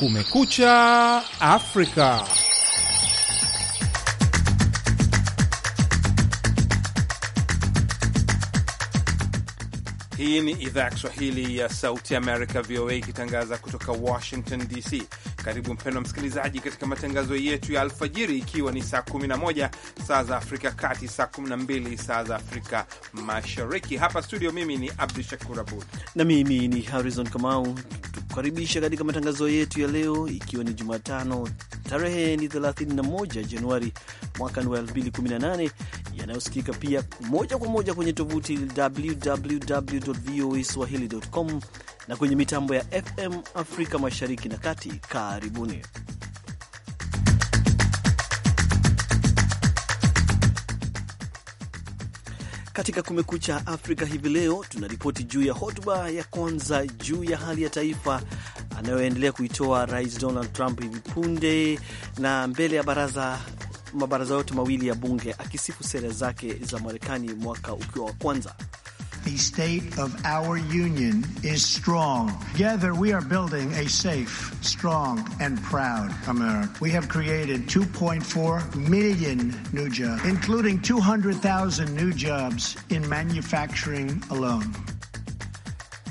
Kumekucha Afrika. Hii ni idhaa ya Kiswahili ya Sauti Amerika, VOA, ikitangaza kutoka Washington DC. Karibu mpendwa msikilizaji, katika matangazo yetu ya alfajiri, ikiwa ni saa 11 saa za Afrika Kati, saa 12 saa za Afrika Mashariki. Hapa studio, mimi ni Abdu Shakur Abud na mimi ni Harrison Kamau kukaribisha katika matangazo yetu ya leo, ikiwa ni Jumatano tarehe ni 31 Januari mwaka wa 2018 yanayosikika pia moja kwa moja kwenye tovuti www voa swahili.com na kwenye mitambo ya FM Afrika mashariki na kati. Karibuni. Katika Kumekucha Afrika hivi leo tunaripoti juu ya hotuba ya kwanza juu ya hali ya taifa anayoendelea kuitoa Rais Donald Trump hivi punde na mbele ya baraza mabaraza yote mawili ya bunge akisifu sera zake za Marekani mwaka ukiwa wa kwanza. The state of our union is strong. Together, we are building a safe, strong, and proud America. We have created 2.4 million new jobs, including 200,000 new jobs in manufacturing alone.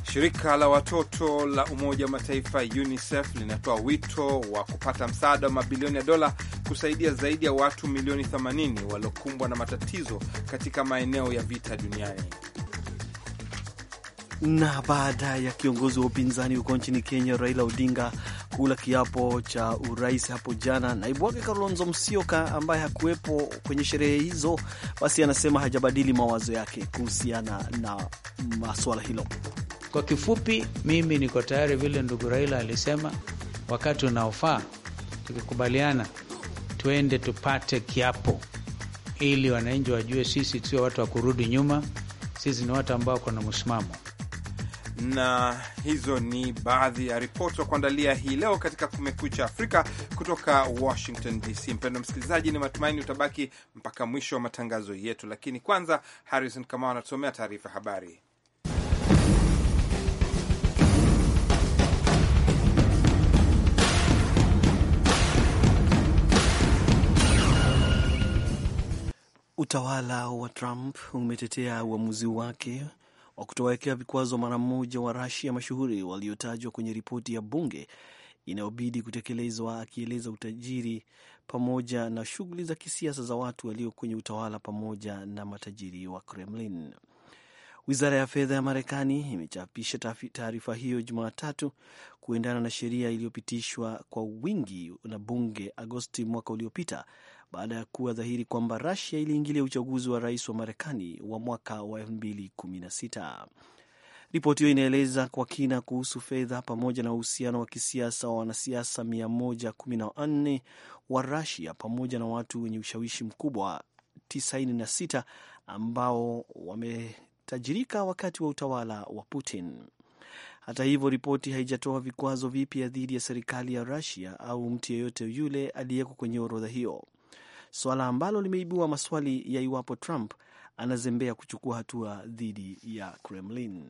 Shirika la watoto la Umoja wa Mataifa UNICEF linatoa wito wa kupata msaada wa mabilioni ya dola kusaidia zaidi ya watu milioni 80 waliokumbwa na matatizo katika maeneo ya vita duniani na baada ya kiongozi wa upinzani huko nchini Kenya Raila Odinga kula kiapo cha urais hapo jana, naibu wake Kalonzo Musyoka ambaye hakuwepo kwenye sherehe hizo, basi anasema hajabadili mawazo yake kuhusiana na masuala hilo. Kwa kifupi, mimi niko tayari vile ndugu Raila alisema, wakati unaofaa tukikubaliana, tuende tupate kiapo ili wananchi wajue sisi sio watu wa kurudi nyuma, sisi ni watu ambao kona msimamo na hizo ni baadhi ya ripoti za kuandalia hii leo katika Kumekucha Afrika kutoka Washington DC. Mpendwa msikilizaji, ni matumaini utabaki mpaka mwisho wa matangazo yetu, lakini kwanza, Harrison Kamau anatusomea taarifa habari. Utawala wa Trump umetetea uamuzi wake wa kutowekea vikwazo mara mmoja wa Rasia mashuhuri waliotajwa kwenye ripoti ya bunge inayobidi kutekelezwa, akieleza utajiri pamoja na shughuli za kisiasa za watu walio kwenye utawala pamoja na matajiri wa Kremlin. Wizara ya fedha ya Marekani imechapisha taarifa hiyo Jumatatu kuendana na sheria iliyopitishwa kwa wingi na bunge Agosti mwaka uliopita baada ya kuwa dhahiri kwamba rasia iliingilia uchaguzi wa rais wa Marekani wa mwaka wa 2016. Ripoti hiyo inaeleza kwa kina kuhusu fedha pamoja na uhusiano wa kisiasa wa wanasiasa 114 wa rusia pamoja na watu wenye ushawishi mkubwa 96 ambao wametajirika wakati wa utawala wa Putin. Hata hivyo, ripoti haijatoa vikwazo vipya dhidi ya serikali ya rasia au mtu yeyote yule aliyeko kwenye orodha hiyo suala ambalo limeibua maswali ya iwapo Trump anazembea kuchukua hatua dhidi ya Kremlin.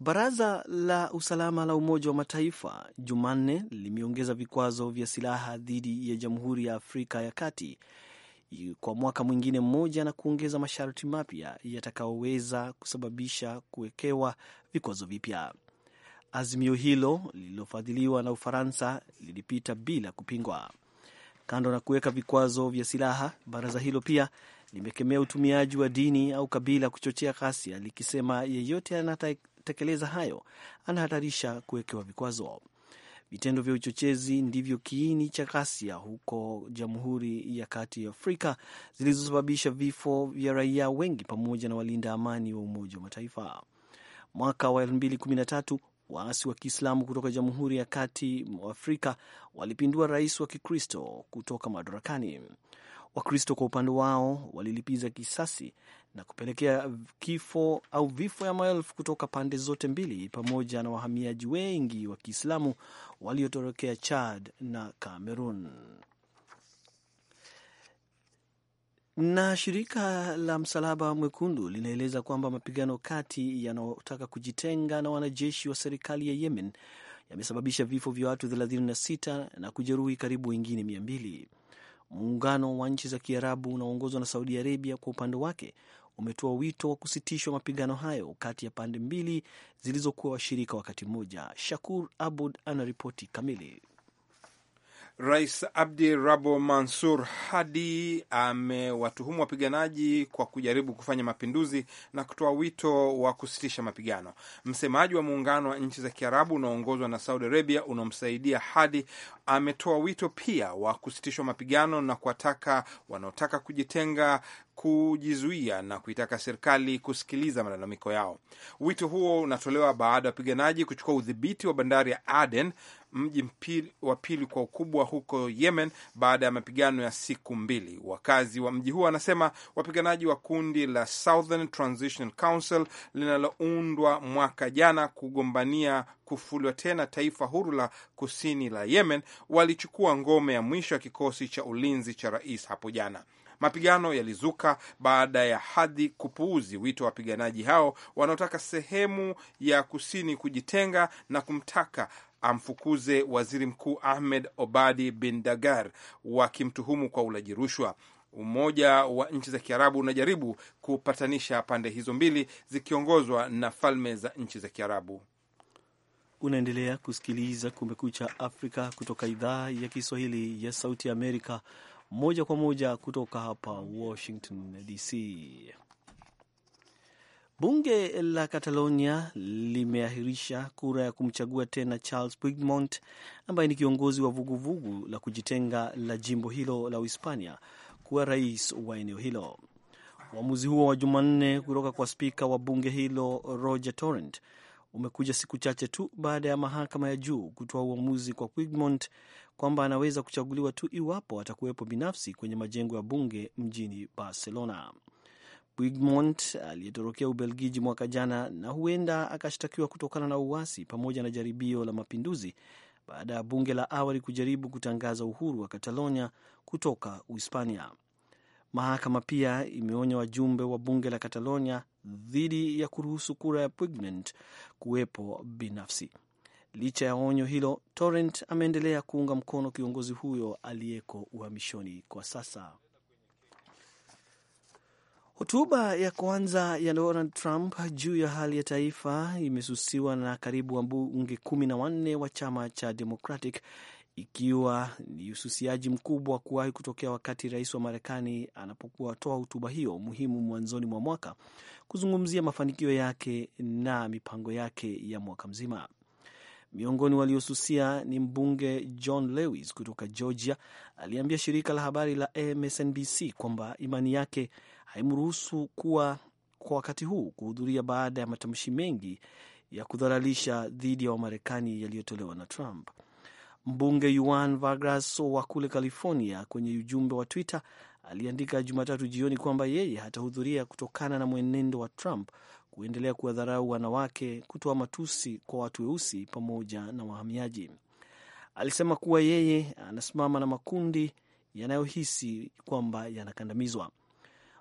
Baraza la usalama la Umoja wa Mataifa Jumanne limeongeza vikwazo vya silaha dhidi ya Jamhuri ya Afrika ya Kati kwa mwaka mwingine mmoja na kuongeza masharti mapya yatakayoweza kusababisha kuwekewa vikwazo vipya. Azimio hilo lililofadhiliwa na Ufaransa lilipita bila kupingwa. Kando na kuweka vikwazo vya silaha, baraza hilo pia limekemea utumiaji wa dini au kabila kuchochea ghasia, likisema yeyote anatekeleza hayo anahatarisha kuwekewa vikwazo. Vitendo vya uchochezi ndivyo kiini cha ghasia huko Jamhuri ya Kati ya Afrika zilizosababisha vifo vya raia wengi pamoja na walinda amani wa Umoja wa Mataifa. Mwaka wa 2013 waasi wa Kiislamu kutoka Jamhuri ya Kati mwa Afrika walipindua rais wa Kikristo kutoka madarakani. Wakristo kwa upande wao walilipiza kisasi na kupelekea kifo au vifo ya maelfu kutoka pande zote mbili, pamoja na wahamiaji wengi wa Kiislamu waliotorokea Chad na Cameroon. Na shirika la Msalaba Mwekundu linaeleza kwamba mapigano kati yanaotaka kujitenga na wanajeshi wa serikali ya Yemen yamesababisha vifo vya watu 36 na kujeruhi karibu wengine 200. Muungano wa nchi za Kiarabu unaoongozwa na Saudi Arabia kwa upande wake umetoa wito wa kusitishwa mapigano hayo kati ya pande mbili zilizokuwa washirika wakati mmoja. Shakur Abud anaripoti kamili. Rais Abdi Rabo Mansur Hadi amewatuhumu wapiganaji kwa kujaribu kufanya mapinduzi na kutoa wito wa kusitisha mapigano. Msemaji wa muungano wa nchi za Kiarabu unaoongozwa na Saudi Arabia unaomsaidia Hadi ametoa wito pia wa kusitishwa mapigano na kuwataka wanaotaka kujitenga kujizuia na kuitaka serikali kusikiliza malalamiko yao. Wito huo unatolewa baada ya wapiganaji kuchukua udhibiti wa bandari ya Aden, mji wa pili kwa ukubwa huko Yemen, baada ya mapigano ya siku mbili. Wakazi wa mji huo wanasema wapiganaji wa kundi la Southern Transition Council linaloundwa mwaka jana kugombania kufuliwa tena taifa huru la kusini la Yemen walichukua ngome ya mwisho ya kikosi cha ulinzi cha rais hapo jana. Mapigano yalizuka baada ya hadhi kupuuzi wito wa wapiganaji hao wanaotaka sehemu ya kusini kujitenga na kumtaka amfukuze waziri mkuu Ahmed Obadi bin Dagar, wakimtuhumu kwa ulaji rushwa. Umoja wa nchi za Kiarabu unajaribu kupatanisha pande hizo mbili zikiongozwa na falme za nchi za Kiarabu. Unaendelea kusikiliza Kumekucha Afrika kutoka idhaa ya Kiswahili ya Sauti Amerika, moja kwa moja kutoka hapa Washington DC. Bunge la Catalonia limeahirisha kura ya kumchagua tena Charles Puigdemont ambaye ni kiongozi wa vuguvugu vugu la kujitenga la jimbo hilo la Uhispania kuwa rais wa eneo hilo. Uamuzi huo wa Jumanne kutoka kwa spika wa bunge hilo Roger Torrent umekuja siku chache tu baada ya mahakama ya juu kutoa uamuzi kwa Quigmont kwamba anaweza kuchaguliwa tu iwapo atakuwepo binafsi kwenye majengo ya bunge mjini Barcelona. Quigmont aliyetorokea Ubelgiji mwaka jana na huenda akashtakiwa kutokana na uasi pamoja na jaribio la mapinduzi baada ya bunge la awali kujaribu kutangaza uhuru wa Katalonia kutoka Uhispania. Mahakama pia imeonya wajumbe wa bunge la Katalonia dhidi ya kuruhusu kura ya Puigdemont kuwepo binafsi. Licha ya onyo hilo, Torrent ameendelea kuunga mkono kiongozi huyo aliyeko uhamishoni kwa sasa. Hotuba ya kwanza ya Donald Trump juu ya hali ya taifa imesusiwa na karibu wabunge kumi na wanne wa chama cha Democratic ikiwa ni ususiaji mkubwa kuwahi kutokea wakati rais wa Marekani anapokuwa atoa hotuba hiyo muhimu mwanzoni mwa mwaka kuzungumzia mafanikio yake na mipango yake ya mwaka mzima. Miongoni waliosusia ni mbunge John Lewis kutoka Georgia, aliambia shirika la habari la MSNBC kwamba imani yake haimruhusu kuwa kwa wakati huu kuhudhuria baada ya matamshi mengi ya kudharalisha dhidi ya Wamarekani yaliyotolewa na Trump. Mbunge Juan Vargas wa kule California kwenye ujumbe wa Twitter aliandika Jumatatu jioni kwamba yeye hatahudhuria kutokana na mwenendo wa Trump kuendelea kuwadharau wanawake, kutoa matusi kwa watu weusi pamoja na wahamiaji. Alisema kuwa yeye anasimama na makundi yanayohisi kwamba yanakandamizwa.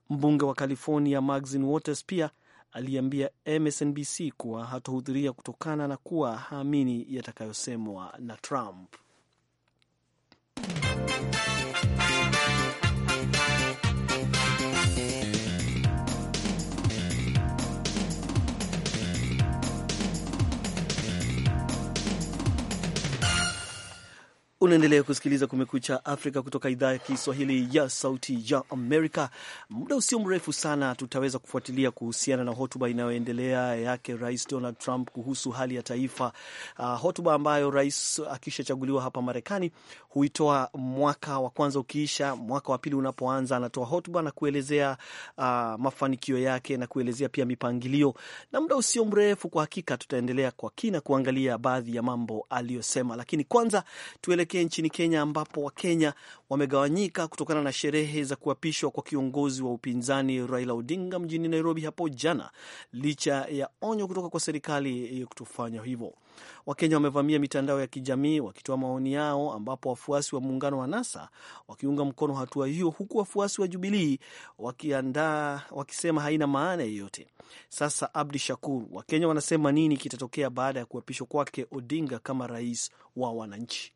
Mbunge wa California Maxine Waters pia aliambia MSNBC kuwa hatohudhuria kutokana na kuwa haamini yatakayosemwa na Trump. Unaendelea kusikiliza Kumekucha Afrika kutoka idhaa ya Kiswahili ya Sauti ya Amerika. Muda usio mrefu sana tutaweza kufuatilia kuhusiana na hotuba inayoendelea yake Rais Donald Trump kuhusu hali ya taifa, uh, hotuba ambayo rais akishachaguliwa hapa Marekani huitoa mwaka wa kwanza ukiisha, mwaka wa pili unapoanza, anatoa hotuba na kuelezea uh, mafanikio yake na kuelezea pia mipangilio. Na muda usio mrefu, kwa hakika tutaendelea kwa kina kuangalia baadhi ya mambo aliyosema, lakini kwanza tuelekea pekee nchini Kenya ambapo Wakenya wamegawanyika kutokana na sherehe za kuapishwa kwa kiongozi wa upinzani Raila Odinga mjini Nairobi hapo jana, licha ya onyo kutoka kwa serikali ya kutofanya hivyo. Wakenya wamevamia mitandao ya kijamii wakitoa maoni yao, ambapo wafuasi wa muungano wa NASA wakiunga mkono hatua hiyo, huku wafuasi wa Jubilii wakiandaa wakisema haina maana yeyote. Sasa Abdi Shakur, Wakenya wanasema nini kitatokea baada ya kuapishwa kwake Odinga kama rais wa wananchi?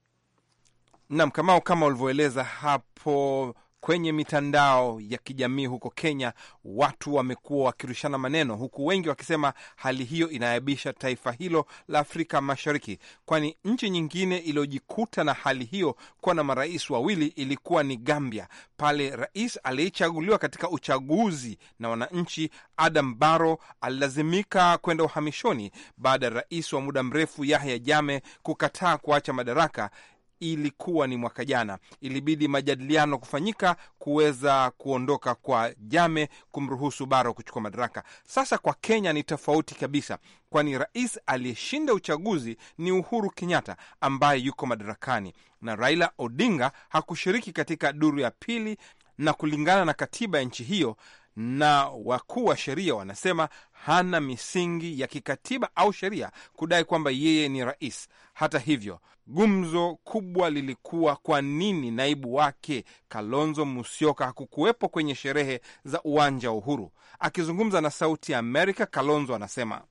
Nam Kamao, kama ulivyoeleza hapo kwenye mitandao ya kijamii huko Kenya, watu wamekuwa wakirushana maneno, huku wengi wakisema hali hiyo inaaibisha taifa hilo la Afrika Mashariki, kwani nchi nyingine iliyojikuta na hali hiyo kuwa na marais wawili ilikuwa ni Gambia, pale rais aliyechaguliwa katika uchaguzi na wananchi Adam Barrow alilazimika kwenda uhamishoni baada ya rais wa muda mrefu Yahya Jammeh kukataa kuacha madaraka ilikuwa ni mwaka jana, ilibidi majadiliano kufanyika kuweza kuondoka kwa Jame kumruhusu Baro kuchukua madaraka. Sasa kwa Kenya ni tofauti kabisa, kwani rais aliyeshinda uchaguzi ni Uhuru Kenyatta ambaye yuko madarakani na Raila Odinga hakushiriki katika duru ya pili, na kulingana na katiba ya nchi hiyo na wakuu wa sheria wanasema hana misingi ya kikatiba au sheria kudai kwamba yeye ni rais. Hata hivyo, gumzo kubwa lilikuwa kwa nini naibu wake Kalonzo Musyoka hakukuwepo kwenye sherehe za uwanja wa Uhuru. Akizungumza na Sauti ya Amerika, Kalonzo anasema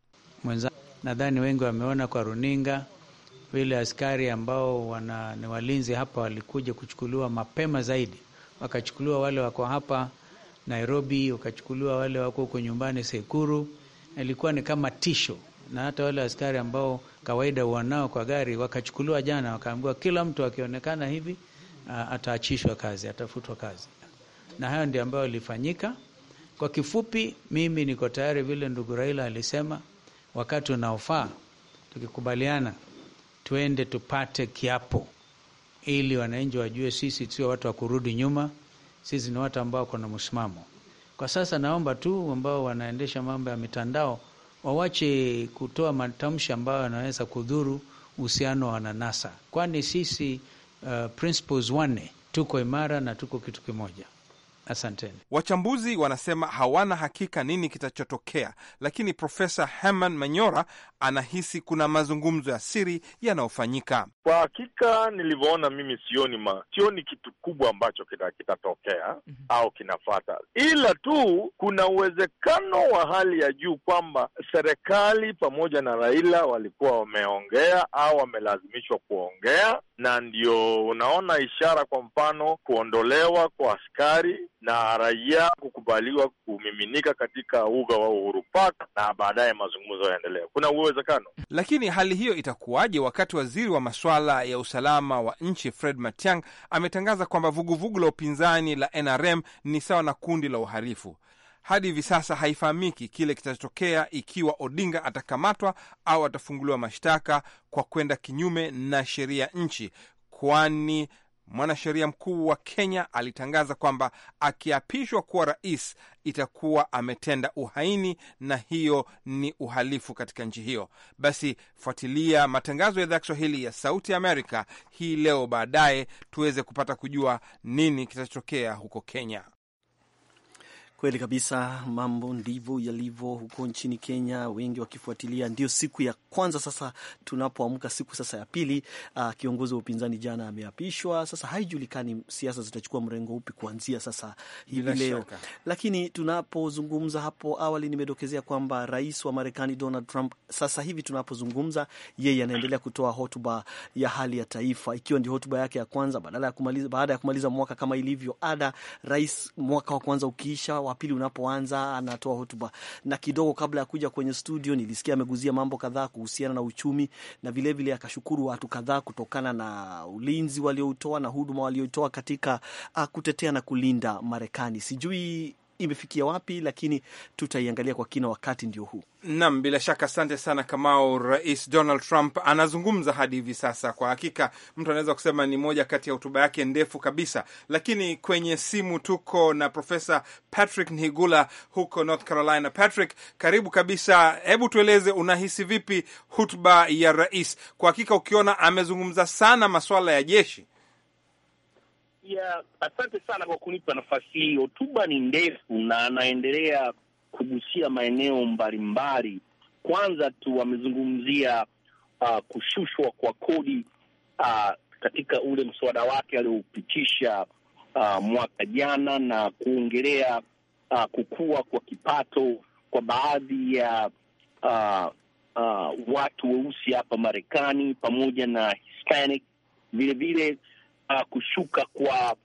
mwenza, nadhani wengi wameona kwa runinga vile askari ambao wana, ni walinzi hapa walikuja kuchukuliwa mapema zaidi, wakachukuliwa wale wako hapa Nairobi, wakachukuliwa wale wako huko nyumbani Sekuru. Ilikuwa ni kama tisho, na hata wale askari ambao kawaida wanao kwa gari wakachukuliwa jana, wakaambiwa kila mtu akionekana hivi ataachishwa kazi, atafutwa kazi, na hayo ndio ambayo ilifanyika. Kwa kifupi, mimi niko tayari, vile ndugu Raila alisema, wakati unaofaa tukikubaliana, tuende tupate kiapo, ili wananchi wajue sisi sio watu wa kurudi nyuma. Sisi ni watu ambao kuna msimamo. Kwa sasa naomba tu ambao wanaendesha mambo ya mitandao wawache kutoa matamshi ambayo yanaweza kudhuru uhusiano wa nanasa kwani sisi uh, principles wanne tuko imara na tuko kitu kimoja. Asanteni. Wachambuzi wanasema hawana hakika nini kitachotokea, lakini Profesa Herman Manyora anahisi kuna mazungumzo ya siri yanayofanyika. Kwa hakika, nilivyoona mimi, sioni ma, sioni kitu kubwa ambacho kitatokea kita mm -hmm. au kinafata, ila tu kuna uwezekano wa hali ya juu kwamba serikali pamoja na Raila walikuwa wameongea au wamelazimishwa kuongea na ndio unaona ishara, kwa mfano kuondolewa kwa askari na raia kukubaliwa kumiminika katika uga wa Uhuru Park na baadaye mazungumzo yaendelea Kuna uwezekano, lakini hali hiyo itakuwaje wakati waziri wa masuala ya usalama wa nchi Fred Matiang'i ametangaza kwamba vuguvugu la upinzani la NRM ni sawa na kundi la uhalifu? hadi hivi sasa haifahamiki kile kitachotokea ikiwa Odinga atakamatwa au atafunguliwa mashtaka kwa kwenda kinyume na sheria nchi, kwani mwanasheria mkuu wa Kenya alitangaza kwamba akiapishwa kuwa rais itakuwa ametenda uhaini na hiyo ni uhalifu katika nchi hiyo. Basi fuatilia matangazo ya idhaa Kiswahili ya Sauti Amerika hii leo, baadaye tuweze kupata kujua nini kitachotokea huko Kenya. Kweli kabisa, mambo ndivyo yalivyo huko nchini Kenya, wengi wakifuatilia. Ndio siku ya kwanza sasa tunapoamka, siku sasa ya pili. Uh, kiongozi wa upinzani jana ameapishwa. Sasa haijulikani siasa zitachukua mrengo upi kuanzia sasa hivi leo, lakini tunapozungumza, hapo awali nimedokezea kwamba rais wa Marekani Donald Trump, sasa hivi tunapozungumza, yeye anaendelea kutoa hotuba ya hali ya taifa, ikiwa ndio hotuba yake ya kwanza baada ya kumaliza, baada ya kumaliza mwaka kama ilivyo ada. Rais mwaka wa kwanza ukiisha wa pili unapoanza, anatoa hotuba, na kidogo kabla ya kuja kwenye studio nilisikia ameguzia mambo kadhaa kuhusiana na uchumi, na vilevile vile akashukuru watu kadhaa kutokana na ulinzi walioutoa na huduma walioitoa katika ah, kutetea na kulinda Marekani. Sijui imefikia wapi, lakini tutaiangalia kwa kina wakati ndio huu. Naam, bila shaka, asante sana Kamau. Rais Donald Trump anazungumza hadi hivi sasa. Kwa hakika, mtu anaweza kusema ni moja kati ya hotuba yake ndefu kabisa, lakini kwenye simu tuko na Profesa Patrick Nhigula huko North Carolina. Patrick, karibu kabisa. Hebu tueleze unahisi vipi hotuba ya rais? Kwa hakika, ukiona amezungumza sana maswala ya jeshi ya asante sana kwa kunipa nafasi hii. Hotuba ni ndefu na anaendelea kugusia maeneo mbalimbali. Kwanza tu amezungumzia uh, kushushwa kwa kodi uh, katika ule mswada wake aliopitisha uh, mwaka jana na kuongelea uh, kukua kwa kipato kwa baadhi ya uh, uh, watu weusi hapa Marekani pamoja na Hispanic vilevile uh, kushuka kwa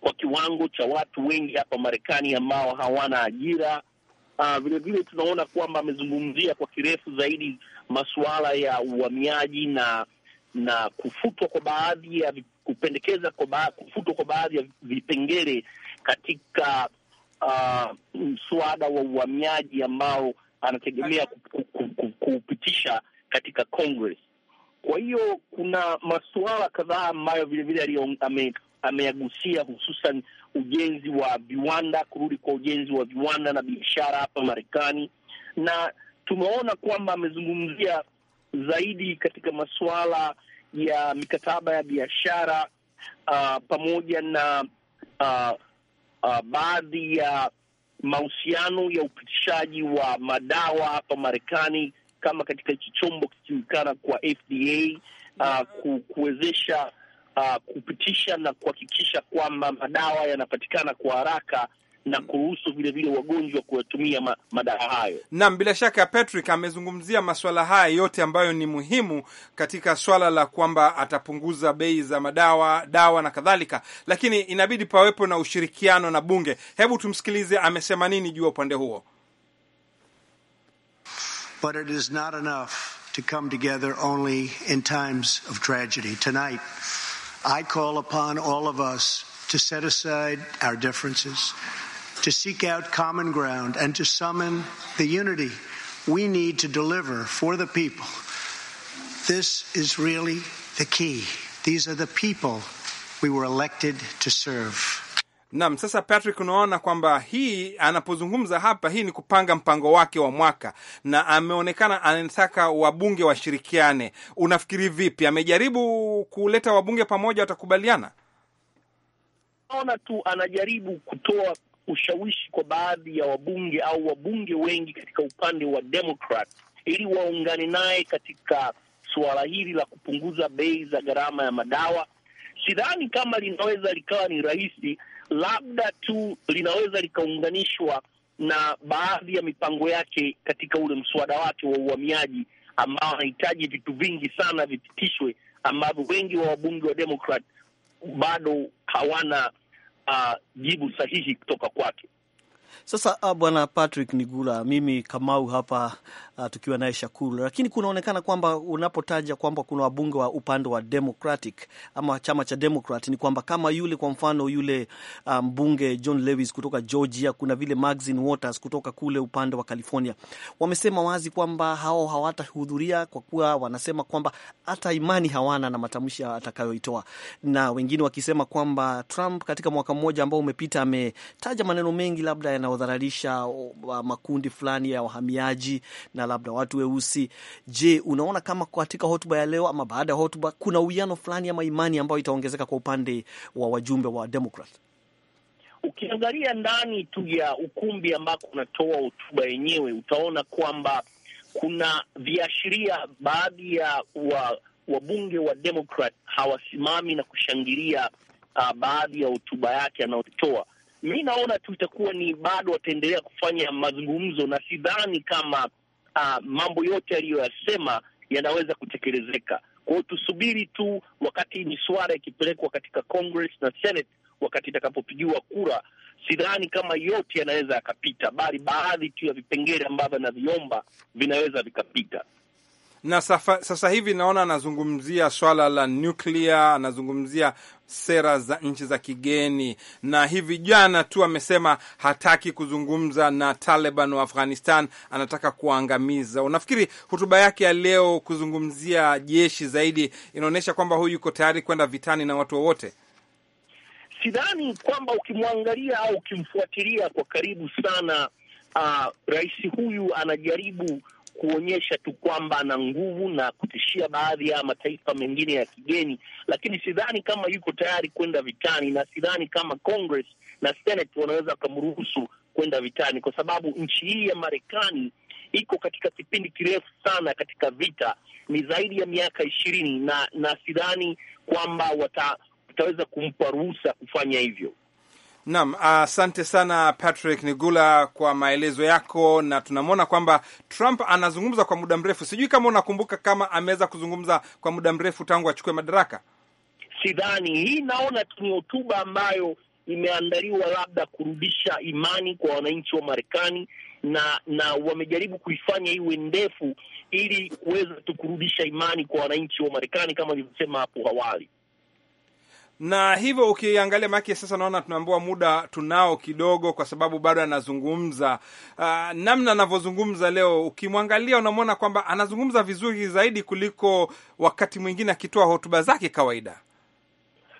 kwa kiwango cha watu wengi hapa Marekani ambao hawana ajira. Vilevile uh, vile tunaona kwamba amezungumzia kwa kirefu zaidi masuala ya uhamiaji na na kufutwa kwa baadhi ya kupendekeza kwa ba, kufutwa kwa baadhi ya vipengele katika uh, mswada wa uhamiaji ambao anategemea kupitisha katika Congress. Kwa hiyo kuna masuala kadhaa ambayo vilevile ame, hususan ujenzi wa viwanda, kurudi kwa ujenzi wa viwanda na biashara hapa Marekani, na tumeona kwamba amezungumzia zaidi katika masuala ya mikataba ya biashara uh, pamoja na uh, uh, baadhi ya mahusiano ya upitishaji wa madawa hapa Marekani kama katika hichi chombo kikijulikana kwa FDA uh, kuwezesha uh, kupitisha na kuhakikisha kwamba madawa yanapatikana kwa haraka na mm. kuruhusu vilevile wagonjwa kuyatumia madawa hayo. Naam, bila shaka Patrick amezungumzia masuala haya yote ambayo ni muhimu katika swala la kwamba atapunguza bei za madawa, dawa na kadhalika, lakini inabidi pawepo na ushirikiano na bunge. Hebu tumsikilize amesema nini juu ya upande huo. But it is not enough to come together only in times of tragedy. Tonight, I call upon all of us to set aside our differences, to seek out common ground, and to summon the unity we need to deliver for the people. This is really the key. These are the people we were elected to serve. Naam, sasa Patrick, unaona kwamba hii anapozungumza hapa, hii ni kupanga mpango wake wa mwaka, na ameonekana anataka wabunge washirikiane. Unafikiri vipi? Amejaribu kuleta wabunge pamoja, watakubaliana? Naona tu anajaribu kutoa ushawishi kwa baadhi ya wabunge au wabunge wengi katika upande wa Democrat ili waungane naye katika suala hili la kupunguza bei za gharama ya madawa. Sidhani kama linaweza likawa ni rahisi, labda tu linaweza likaunganishwa na baadhi ya mipango yake katika ule mswada wake wa uhamiaji ambao anahitaji vitu vingi sana vipitishwe, ambavyo wengi wa wabunge wa demokrat bado hawana uh, jibu sahihi kutoka kwake. Sasa ah, bwana Patrick Nigula, mimi Kamau hapa uh, tukiwa naye Shakuru, lakini kunaonekana kwamba unapotaja kwamba kuna wabunge wa upande wa Democratic ama chama cha Democrat ni kwamba kama yule kwa mfano yule ah, mbunge um, John Lewis kutoka Georgia, kuna vile Maxine Waters kutoka kule upande wa California, wamesema wazi kwamba hao hawatahudhuria kwa kuwa wanasema kwamba hata imani hawana na matamshi atakayoitoa, na wengine wakisema kwamba Trump katika mwaka mmoja ambao umepita ametaja maneno mengi labda yanayodhararisha uh, makundi fulani ya wahamiaji na labda watu weusi. Je, unaona kama katika hotuba ya leo ama baada ya hotuba kuna uwiano fulani ama imani ambayo itaongezeka kwa upande wa wajumbe wa Demokrat? Ukiangalia ndani tu ya ukumbi ambako unatoa hotuba yenyewe, utaona kwamba kuna viashiria baadhi ya wa wabunge wa Demokrat hawasimami na kushangilia uh, baadhi ya hotuba yake anayotoa mi naona tu itakuwa ni bado wataendelea kufanya mazungumzo, na sidhani kama uh, mambo yote aliyoyasema yanaweza kutekelezeka. Kwa hiyo tusubiri tu wakati miswara ikipelekwa katika Congress na Senate, wakati itakapopigiwa kura, sidhani kama yote yanaweza yakapita, bali baadhi tu ya vipengele ambavyo anaviomba vinaweza vikapita na safa, sasa hivi naona anazungumzia swala la nuklia, anazungumzia sera za nchi za kigeni, na hivi jana tu amesema hataki kuzungumza na Taliban wa Afghanistan, anataka kuangamiza. Unafikiri hotuba yake ya leo kuzungumzia jeshi zaidi inaonyesha kwamba huyu yuko tayari kwenda vitani na watu wowote? Sidhani kwamba ukimwangalia au ukimfuatilia kwa karibu sana, uh, rais huyu anajaribu kuonyesha tu kwamba ana nguvu na kutishia baadhi ya mataifa mengine ya kigeni, lakini sidhani kama yuko tayari kwenda vitani, na sidhani kama Congress na Senate wanaweza wakamruhusu kwenda vitani, kwa sababu nchi hii ya Marekani iko katika kipindi kirefu sana katika vita, ni zaidi ya miaka ishirini, na na sidhani kwamba wata, wataweza kumpa ruhusa kufanya hivyo. Naam, asante sana Patrick Nigula kwa maelezo yako, na tunamwona kwamba Trump anazungumza kwa muda mrefu. Sijui kama unakumbuka kama ameweza kuzungumza kwa muda mrefu tangu achukue madaraka. Sidhani. Hii naona tu ni hotuba ambayo imeandaliwa labda kurudisha imani kwa wananchi wa Marekani na na wamejaribu kuifanya iwe ndefu ili kuweza tu kurudisha imani kwa wananchi wa Marekani kama nilivyosema hapo awali na hivyo ukiangalia maake, sasa naona tunaambua muda tunao kidogo, kwa sababu bado anazungumza. Uh, namna anavyozungumza leo, ukimwangalia unamwona kwamba anazungumza vizuri zaidi kuliko wakati mwingine akitoa hotuba zake kawaida.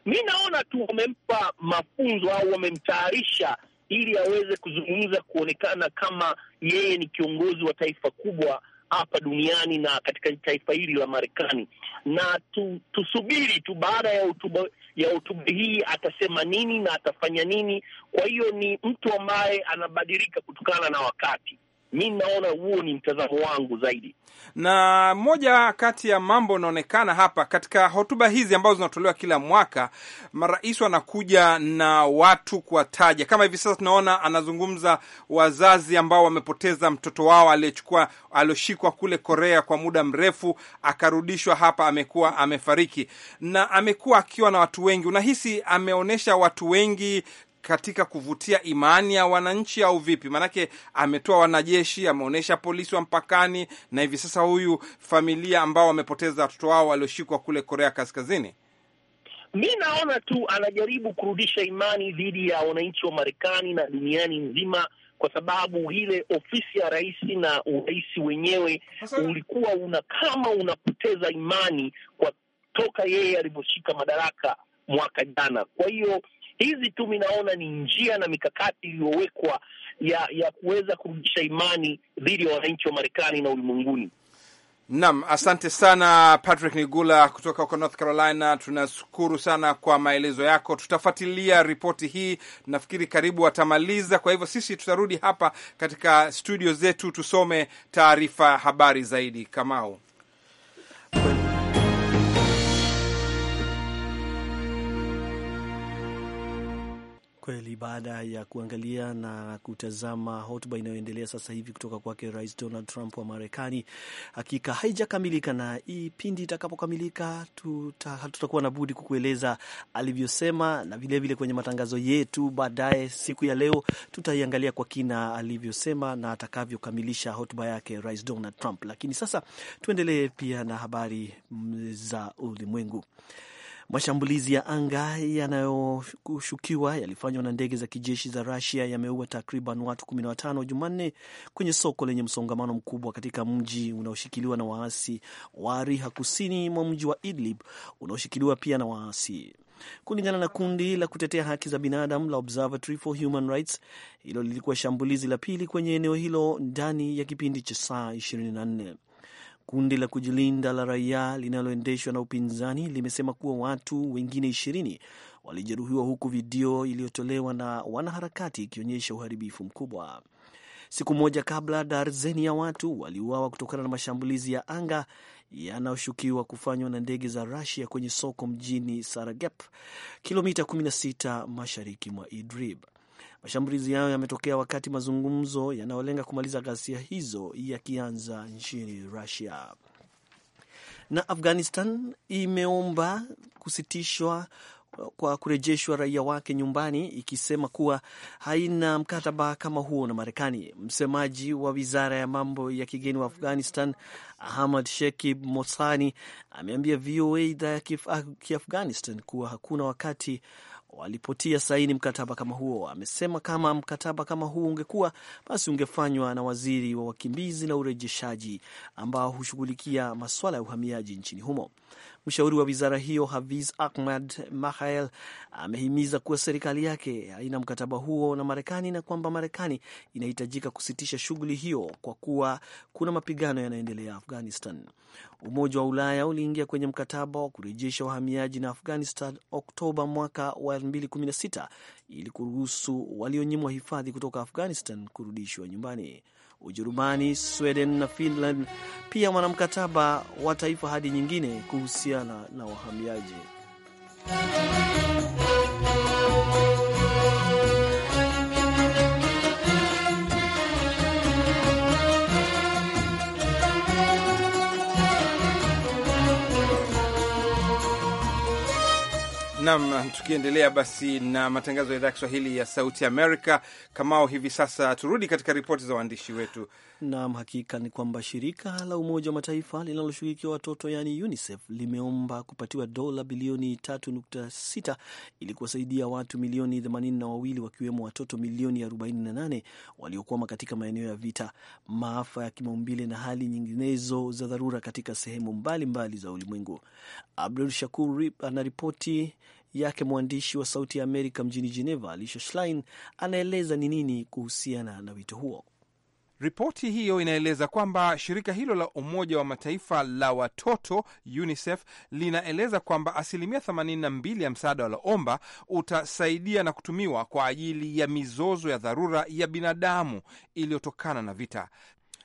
Mi naona tu wamempa mafunzo au wamemtayarisha ili aweze kuzungumza, kuonekana kama yeye ni kiongozi wa taifa kubwa hapa duniani na katika taifa hili la Marekani, na tu, tusubiri tu baada ya hotuba ya hotuba hii atasema nini na atafanya nini. Kwa hiyo ni mtu ambaye anabadilika kutokana na wakati mi naona huo ni mtazamo wangu zaidi. Na moja kati ya mambo unaonekana hapa katika hotuba hizi ambazo zinatolewa kila mwaka, marais wanakuja na watu kuwataja. Kama hivi sasa tunaona anazungumza wazazi ambao wamepoteza mtoto wao aliyechukua alioshikwa kule Korea kwa muda mrefu akarudishwa hapa, amekuwa amefariki, na amekuwa akiwa na watu wengi. Unahisi ameonyesha watu wengi katika kuvutia imani ya wananchi au vipi? Maanake ametoa wanajeshi, ameonyesha polisi wa mpakani, na hivi sasa huyu familia ambao wamepoteza watoto wao walioshikwa kule Korea Kaskazini. Mi naona tu anajaribu kurudisha imani dhidi ya wananchi wa Marekani na duniani nzima, kwa sababu ile ofisi ya rais na urais wenyewe ulikuwa una kama unapoteza imani kwa toka yeye alivyoshika madaraka mwaka jana. Kwa hiyo Hizi tu minaona ni njia na mikakati iliyowekwa ya ya kuweza kurudisha imani dhidi ya wananchi wa Marekani na ulimwenguni. Naam, asante sana Patrick Nigula kutoka huko North Carolina. Tunashukuru sana kwa maelezo yako, tutafuatilia ripoti hii. Nafikiri karibu watamaliza, kwa hivyo sisi tutarudi hapa katika studio zetu tusome taarifa habari zaidi. Kamau. kweli, baada ya kuangalia na kutazama hotuba inayoendelea sasa hivi kutoka kwake Rais Donald Trump wa Marekani, hakika haijakamilika, na hii pindi itakapokamilika hatutakuwa na budi kukueleza alivyosema, na vilevile kwenye matangazo yetu baadaye siku ya leo tutaiangalia kwa kina alivyosema na atakavyokamilisha hotuba yake Rais Donald Trump. Lakini sasa tuendelee pia na habari za ulimwengu. Mashambulizi ya anga yanayoshukiwa yalifanywa na ndege za kijeshi za Rusia yameua takriban watu 15 Jumanne kwenye soko lenye msongamano mkubwa katika mji unaoshikiliwa na waasi wa Ariha kusini mwa mji wa Idlib unaoshikiliwa pia na waasi kulingana na kundi la kutetea haki za binadamu la Observatory for Human Rights, hilo lilikuwa shambulizi la pili kwenye eneo hilo ndani ya kipindi cha saa 24. Kundi la kujilinda la raia linaloendeshwa na upinzani limesema kuwa watu wengine ishirini walijeruhiwa huku video iliyotolewa na wanaharakati ikionyesha uharibifu mkubwa. Siku moja kabla, darzeni ya watu waliuawa kutokana na mashambulizi ya anga yanayoshukiwa kufanywa na ndege za Rusia kwenye soko mjini Saragep, kilomita 16 mashariki mwa Idlib. Mashambulizi hayo yametokea wakati mazungumzo yanayolenga kumaliza ghasia hizo yakianza nchini Russia. Na Afghanistan imeomba kusitishwa kwa kurejeshwa raia wake nyumbani ikisema kuwa haina mkataba kama huo na Marekani. Msemaji wa wizara ya mambo ya kigeni wa Afghanistan, Ahmad Shekib Mosani, ameambia VOA idhaa ya Kiafghanistan kuwa hakuna wakati walipotia saini mkataba kama huo. Amesema kama mkataba kama huo ungekuwa basi ungefanywa na waziri wa wakimbizi na urejeshaji ambao hushughulikia maswala ya uhamiaji nchini humo. Mshauri wa wizara hiyo Hafiz Ahmad Mahael amehimiza kuwa serikali yake haina mkataba huo na Marekani na kwamba Marekani inahitajika kusitisha shughuli hiyo kwa kuwa kuna mapigano yanaendelea Afghanistan. Umoja wa Ulaya uliingia kwenye mkataba wa kurejesha wahamiaji na Afghanistan Oktoba mwaka wa 2016 ili kuruhusu walionyimwa hifadhi kutoka Afghanistan kurudishwa nyumbani. Ujerumani, Sweden na Finland pia wana mkataba wa taifa hadi nyingine kuhusiana na wahamiaji. Nam, tukiendelea basi na matangazo ya idhaa ya Kiswahili ya Sauti Amerika. Kamao, hivi sasa turudi katika ripoti za waandishi wetu. Nam, hakika ni kwamba shirika la Umoja wa Mataifa linaloshughulikia watoto yaani UNICEF limeomba kupatiwa dola bilioni 3.6 ili kuwasaidia watu milioni 82 wakiwemo watoto milioni 48 waliokwama katika maeneo ya vita, maafa ya kimaumbile na hali nyinginezo za dharura katika sehemu mbalimbali mbali za ulimwengu. Abdul Shakur anaripoti yake mwandishi wa Sauti ya Amerika mjini Geneva, Lisha Schlein, anaeleza ni nini kuhusiana na wito huo. Ripoti hiyo inaeleza kwamba shirika hilo la Umoja wa Mataifa la watoto UNICEF linaeleza kwamba asilimia 82 ya msaada walaomba utasaidia na kutumiwa kwa ajili ya mizozo ya dharura ya binadamu iliyotokana na vita.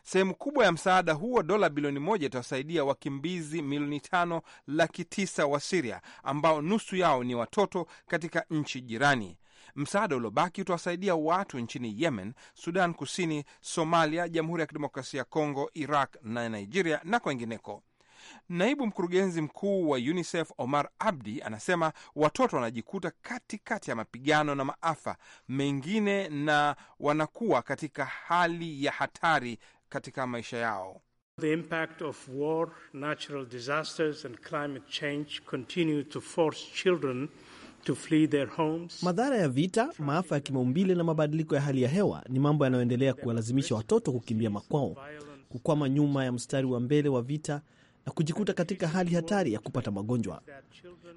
Sehemu kubwa ya msaada huo, dola bilioni moja, itawasaidia wakimbizi milioni tano laki tisa wa Siria ambao nusu yao ni watoto katika nchi jirani. Msaada uliobaki utawasaidia watu nchini Yemen, Sudan Kusini, Somalia, Jamhuri ya Kidemokrasia ya Kongo, Iraq na Nigeria na kwengineko. Naibu mkurugenzi mkuu wa UNICEF Omar Abdi anasema watoto wanajikuta katikati ya mapigano na maafa mengine na wanakuwa katika hali ya hatari katika maisha yao. The impact of war, natural disasters and climate change continue to force children to flee their homes. Madhara ya vita, maafa ya kimaumbile na mabadiliko ya hali ya hewa ni mambo yanayoendelea kuwalazimisha watoto kukimbia makwao, kukwama nyuma ya mstari wa mbele wa vita na kujikuta katika hali hatari ya kupata magonjwa,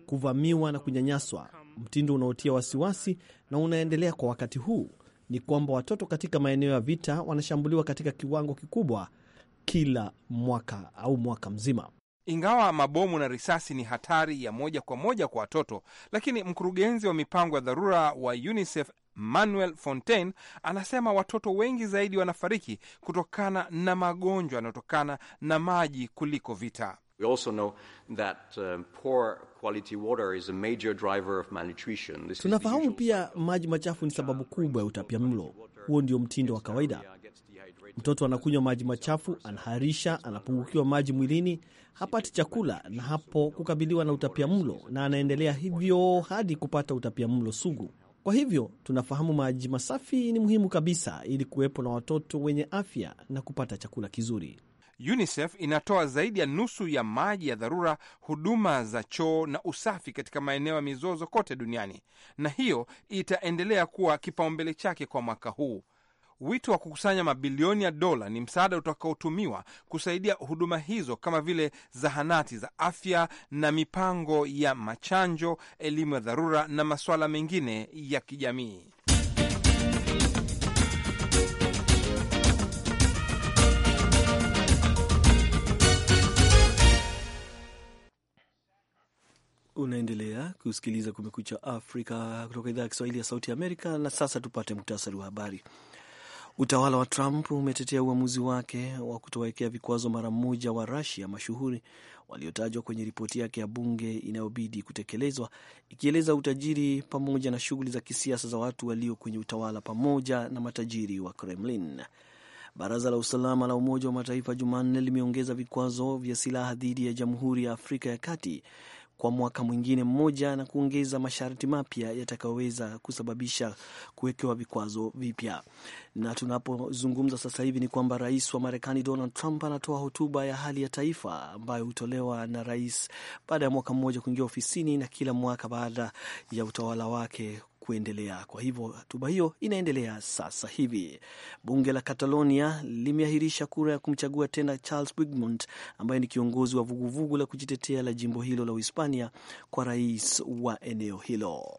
kuvamiwa na kunyanyaswa, mtindo unaotia wasiwasi na unaendelea kwa wakati huu ni kwamba watoto katika maeneo ya vita wanashambuliwa katika kiwango kikubwa kila mwaka au mwaka mzima. Ingawa mabomu na risasi ni hatari ya moja kwa moja kwa watoto, lakini mkurugenzi wa mipango ya dharura wa UNICEF Manuel Fontaine anasema watoto wengi zaidi wanafariki kutokana na magonjwa yanayotokana na maji kuliko vita. We also know that, um, poor Tunafahamu pia maji machafu ni sababu uh, kubwa ya utapia mlo. Huo ndio mtindo wa kawaida. Mtoto anakunywa maji machafu, anaharisha, anapungukiwa maji mwilini, hapati chakula na hapo kukabiliwa na utapia mlo, na anaendelea hivyo hadi kupata utapia mlo sugu. Kwa hivyo tunafahamu maji masafi ni muhimu kabisa ili kuwepo na watoto wenye afya na kupata chakula kizuri. UNICEF inatoa zaidi ya nusu ya maji ya dharura, huduma za choo na usafi katika maeneo ya mizozo kote duniani, na hiyo itaendelea kuwa kipaumbele chake kwa mwaka huu. Wito wa kukusanya mabilioni ya dola ni msaada utakaotumiwa kusaidia huduma hizo kama vile zahanati za afya na mipango ya machanjo, elimu ya dharura na masuala mengine ya kijamii. Unaendelea kusikiliza Kumekucha Afrika kutoka idhaa ya Kiswahili ya Sauti Amerika. Na sasa tupate muktasari wa habari. Utawala wa Trump umetetea uamuzi wake wa kutowekea vikwazo mara mmoja wa Rasia mashuhuri waliotajwa kwenye ripoti yake ya bunge inayobidi kutekelezwa, ikieleza utajiri pamoja na shughuli za kisiasa za watu walio kwenye utawala pamoja na matajiri wa Kremlin. Baraza la usalama la Umoja wa Mataifa Jumanne limeongeza vikwazo vya silaha dhidi ya Jamhuri ya Afrika ya Kati kwa mwaka mwingine mmoja na kuongeza masharti mapya yatakayoweza kusababisha kuwekewa vikwazo vipya. Na tunapozungumza sasa hivi ni kwamba rais wa Marekani Donald Trump anatoa hotuba ya hali ya taifa ambayo hutolewa na rais baada ya mwaka mmoja kuingia ofisini na kila mwaka baada ya utawala wake kuendelea. Kwa hivyo hatuba hiyo inaendelea sasa hivi. Bunge la Catalonia limeahirisha kura ya kumchagua tena Charles Puigdemont ambaye ni kiongozi wa vuguvugu la kujitetea la jimbo hilo la Uhispania kwa rais wa eneo hilo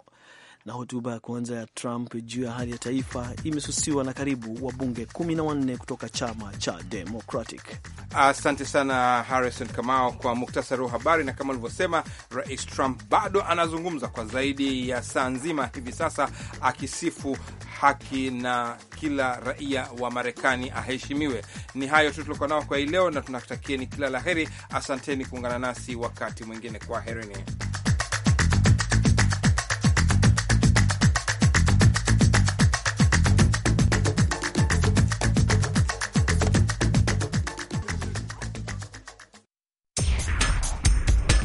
na hotuba ya kwanza ya Trump juu ya hali ya taifa imesusiwa na karibu wabunge 14 kutoka chama cha Democratic. Asante sana Harrison Kamao kwa muktasari wa habari. Na kama ulivyosema, Rais Trump bado anazungumza kwa zaidi ya saa nzima hivi sasa, akisifu haki na kila raia wa Marekani aheshimiwe. Ni hayo tu tulikuwa nao kwa hii leo, na tunatakieni kila la heri. Asanteni kuungana nasi wakati mwingine. Kwa herini.